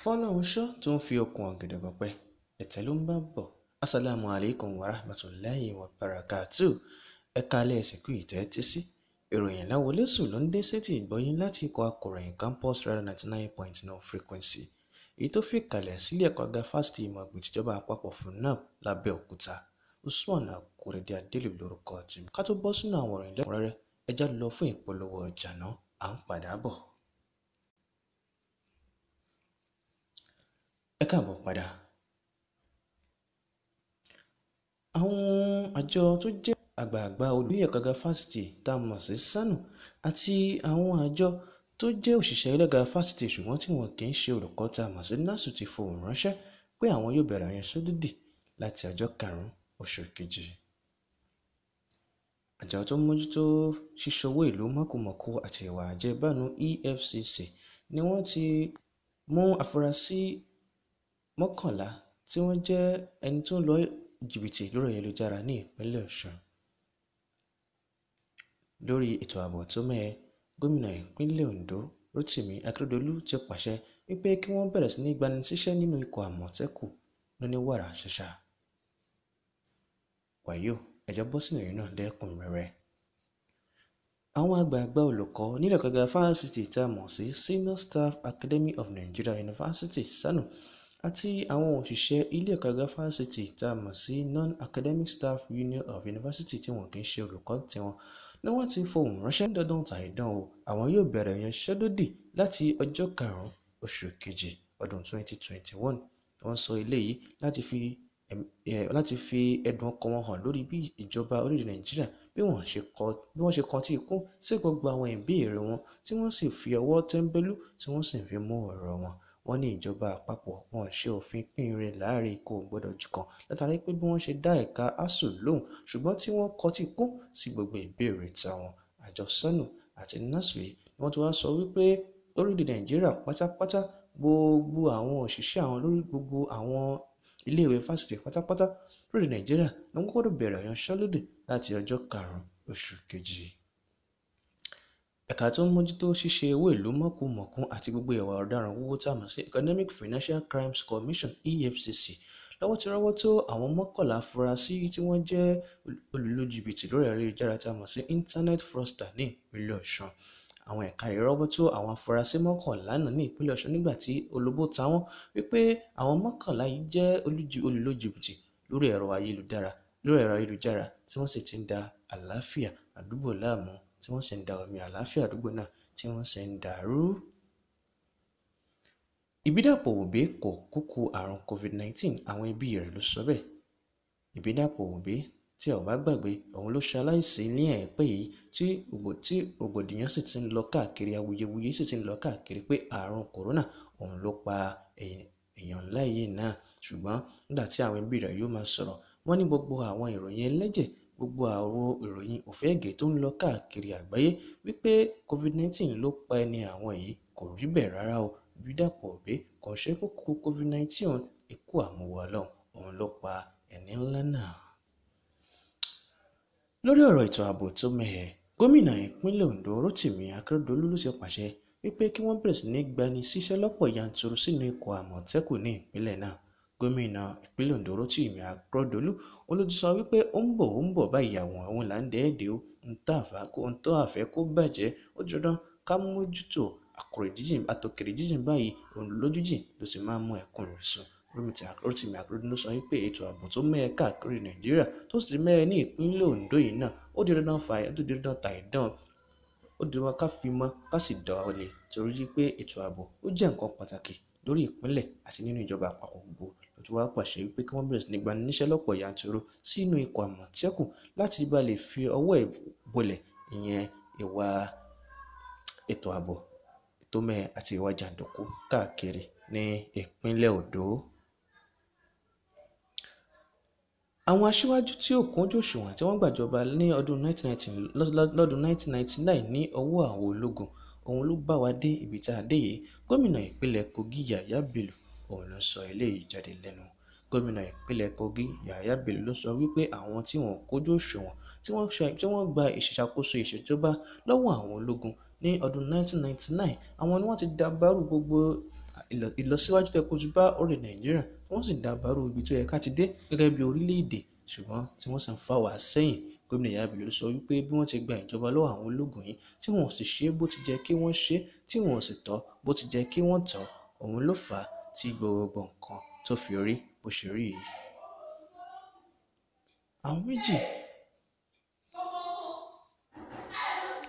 fọlọ́runṣọ́ tó ń fi okùn ọ̀gẹ̀dẹ̀ bọ̀pẹ ẹ̀tẹ́ ló ń bá bọ̀ asalaamu alaykum wa rahmatulahi wa barakatu ẹ kálẹ̀ ẹ̀sìnkú ìtẹ́ tí sí ìròyìn láwọlẹ́sùn ló ń dé sétí ìgbọ́yìn láti ikọ̀ akọ̀ròyìn campus radar ninety nine point nine frequency èyí tó fi kalẹ̀ sílé ẹ̀kọ́ àgbà fásitì ìmọ̀ ọ̀gbìn tìjọba àpapọ̀ FUNAB lábẹ́òkúta usman akurede adélù lórúkọ tìmí ká tó bọ́ sínú àwọn ìròyìn lẹ́kùnrẹ́rẹ́ ẹjá lọ fún ìpolówó ọjà náà à ń padà bọ̀. Ẹ káàbọ̀ padà. Àwọn àjọ tó jẹ́ àgbààgbà olóyè ẹ̀ka fásitì tá a mọ̀ sí SANU àti àwọn àjọ tó jẹ́ òṣìṣẹ́ ẹlẹ́ga fásitì ṣùgbọ́n tí wọn kì í ṣe olùkọ́ tá a mọ̀ sí NASU ti fohùn ránṣẹ́ pé àwọn yóò bẹ̀rẹ̀ àyànsódìdì láti ọjọ́ karùn-ún oṣù kejì. Àjọ tó mójútó ṣíṣowó ìlú mọ̀kùmọ̀kù àti ìwà àjẹbánu EFCC ni wọ́n ti mú àfúrásì mọ́kànlá tí wọ́n jẹ́ ẹni tó ń lu jìbìtì lórí ayélujára ní ìpínlẹ̀ Ọ̀ṣun. Lórí ètò ààbò tó mẹ́hẹ, gómìnà ìpínlẹ̀ Ondo Rotimi Akeredolu ti pàṣẹ wípé kí wọ́n bẹ̀rẹ̀ sí ní gbani síṣẹ́ nínú ikọ̀ Àmọ̀tẹ́kùn lóníwàrà ṣàṣà. Wàyó, ẹ jẹ́ bọ́ sínú ìrìnnà lẹ́kùnrẹ́rẹ́. Àwọn àgbààgbà olùkọ́ nílẹ̀ gíga fásitì tá a mọ̀ sí Senior Staff Academy of Nigeria University (SANU) àti àwọn òṣìṣẹ́ ilé-ẹ̀kọ́ gíga fásitì tá a mọ̀ sí Non-Academic Staff Union of University tí wọn kìí ṣe olùkọ́ tiwọn ni wọ́n ti fohùn ránṣẹ́ dandan tàìdán o àwọn yóò bẹ̀rẹ̀ ìyanṣẹ́lódì láti ọjọ́ karùn-ún oṣù kejì ọdún 2021 wọ́n sọ eléyìí láti fi ẹ̀dùn ọkàn wọn hàn lórí bí ìjọba orílẹ̀-èdè Nàìjíríà bí wọ́n ṣe kọtí ikún sí gbogbo àwọn ìbéèrè wọn tí wọ́n sì fi ọwọ́ tẹ́ńbẹ́lú tí wọ́n sì fi mú ọ̀rọ̀ wọn wọ́n ní ìjọba àpapọ̀ wọn ṣe òfin pín-in-re láàrin ikọ̀ ògbódò-jùkan látàrí pé bí wọ́n ṣe dá ẹ̀ka asuu lóhùn ṣùgbọ́n tí wọ́n kọtí ikún sí gbogbo ìbéèrè tiwọn. Àjọ SANU àti NASFI ni wọ́n ti wá sọ wípé lórílẹ̀-èdè Nàìjíríà pátápátá gbogbo àwọn òṣìṣẹ́ àwọn lórí gbogbo àwọn iléèwé fásitì pátápátá lórílẹ̀ Nàìjíríà ni wọ́n gbọ́dọ̀ bẹ̀rẹ̀ ìyanṣẹ́lódì láti ọjọ́ karùn-ún oṣù kejì. Ẹ̀ka tó ń mójútó ṣíṣe owó ìlú mọ̀kumọ̀ku àti gbogbo ìwà ọ̀daràn wúwo tá a mọ̀ sí Economic Financial Crimes Commission (EFCC) lọ́wọ́ ti rọ́wọ́ tó àwọn mọ́kànlá afurasí tí wọ́n jẹ́ olùlù jìbìtì lórí ayélujára tá a mọ̀ sí Internet fraudsters ní ìpínlẹ̀ Ọ̀ṣun. Àwọn ẹ̀ka yìí rọ́wọ́ tó àwọn afurasí mọ́kànlá náà ní ìpínlẹ̀ Ọ̀ṣun nígbà tí olóbó ta wọ́n wípé àwọn mọ́kànlá yìí jẹ́ olùlù jìbìtì lórí ẹ̀rọ ayélujára lórí ẹ̀rọ ayélujára tí wọ́n sì ti ń da àlàáfíà àdúgbò láàmú tí wọ́n sì ń da omi àlàáfíà àdúgbò náà tí wọ́n sì ń dà rú. Ìbídàpọ̀ Òwòbí kò kúkú àrùn COVID-19 àwọn ẹbí rẹ̀ ló sọ bẹ́ẹ̀. Ìbídàpọ̀ Òwòbí tí a ò bá gbàgbé òun ló ṣaláìsí ní ẹ̀ẹ́pẹ́ yìí tí rògbòdìyàn sì ti ń lọ káàkiri awuyewuye sì ti ń lọ káàkiri pé àrùn kòrónà òun ló pa èèyàn ńlá yìí náà ṣùgbọ́n nígbà tí àwọn ẹbí rẹ̀ yóò máa sọ̀rọ̀ wọ́n ní gbogbo àwọn ìròyìn ẹlẹ́jẹ̀ gbogbo àwọn ìròyìn òfẹ́ẹ̀gẹ̀ tó ń lọ káàkiri àgbáyé wípé covid-19 ló pa ẹni àwọn yìí kò rí bẹ́ẹ̀ rárá o bí Òbí kò ṣe kúkú covid-19 ikú àmúwò ọlọ́run òun ló pa ẹni ńlá náà. lórí ọ̀rọ̀ ètò ààbò tó mẹ́hẹ̀ gómìnà ìpínlẹ̀ Ondo Rotimi Akeredolu ló ti pàṣẹ wípé kí wọ́n bẹ̀rẹ̀ sí ní gbani síṣẹ́ lọ́pọ̀ yanturu sínú ikọ̀ àmọ̀tẹ́kùn ní ìpínlẹ̀ náà gómìnà ìpínlẹ̀ ondo rotimi akeredolu ló ti sọ wípé ó ń bọ̀ ó ń bọ̀ báyìí àwọn òun là ń dẹ̀ẹ́dẹ́ o ohun tá a fẹ́ kó bàjẹ́ ó di dandan ká mójútó àtòkèrè jíjìn báyìí òun lójú jìn ló sì máa ń mú ẹkùn rẹ̀ sùn rotimi akeredolu sọ wípé ètò ààbò tó mẹ́ẹ káàkiri nàìjíríà tó sì mẹ́ẹ ní ìpínlẹ̀ ondo yìí náà ó di dandan fà ó ó di dandan ká fi mọ́ ó jẹ́ lórí ìpínlẹ̀ àti nínú ìjọba àpapọ̀ gbogbo ló ti wá pàṣẹ wípé kí wọ́n bẹ̀rẹ̀ sí ní gbani níṣẹ́ lọ́pọ̀ yanturu sínú ikọ̀ àmọ̀tẹ́kùn láti bá lè fi ọwọ́ ẹ̀ bolẹ̀ ìyẹn ìwà ètò ààbò ètò mẹ́ẹ̀ àti ìwà jàǹdùkú káàkiri ní ìpínlẹ̀ Ondo àwọn aṣíwájú tí ò kúnjú òṣùwọ̀n tí wọ́n gbàjọba ní ọdún 1999 ní ọwọ́ àwọn ológun òun ló bá wa dé ibi tá a dé yìí gómìnà ìpínlẹ̀ kogi yàyà bello òun ló sọ eléyìí jáde lẹ́nu gómìnà ìpínlẹ̀ kogi yàyà bello ló sọ wípé àwọn tí wọn kójú òṣùwọ̀n tí wọ́n gba ìṣàkóso ìṣèjọba lọ́wọ́ àwọn ológun ní ọdún 1999 àwọn ni wọ́n ti dàbàrú gbogbo ìlọsíwájú tó yẹ kó ti bá orílẹ̀ nàìjíríà wọ́n sì dàbàrú ibi tó yẹ ká ti dé gẹ́gẹ́ bí orílẹ̀-èdè ṣùgbọ́n tí wọ́n sì ń fà wá sẹ́yìn gómìnà Yahaya Bello sọ wípé bí wọ́n ti gba ìjọba lọ́wọ́ àwọn ológun yìí tí wọn ò sì ṣe bó ti jẹ́ kí wọ́n ṣe tí wọn ò sì tọ́ bó ti jẹ́ kí wọ́n tọ́ òun ló fà á tí gbogbo nǹkan tó fi rí bó ṣe rí yìí. àwọn méjì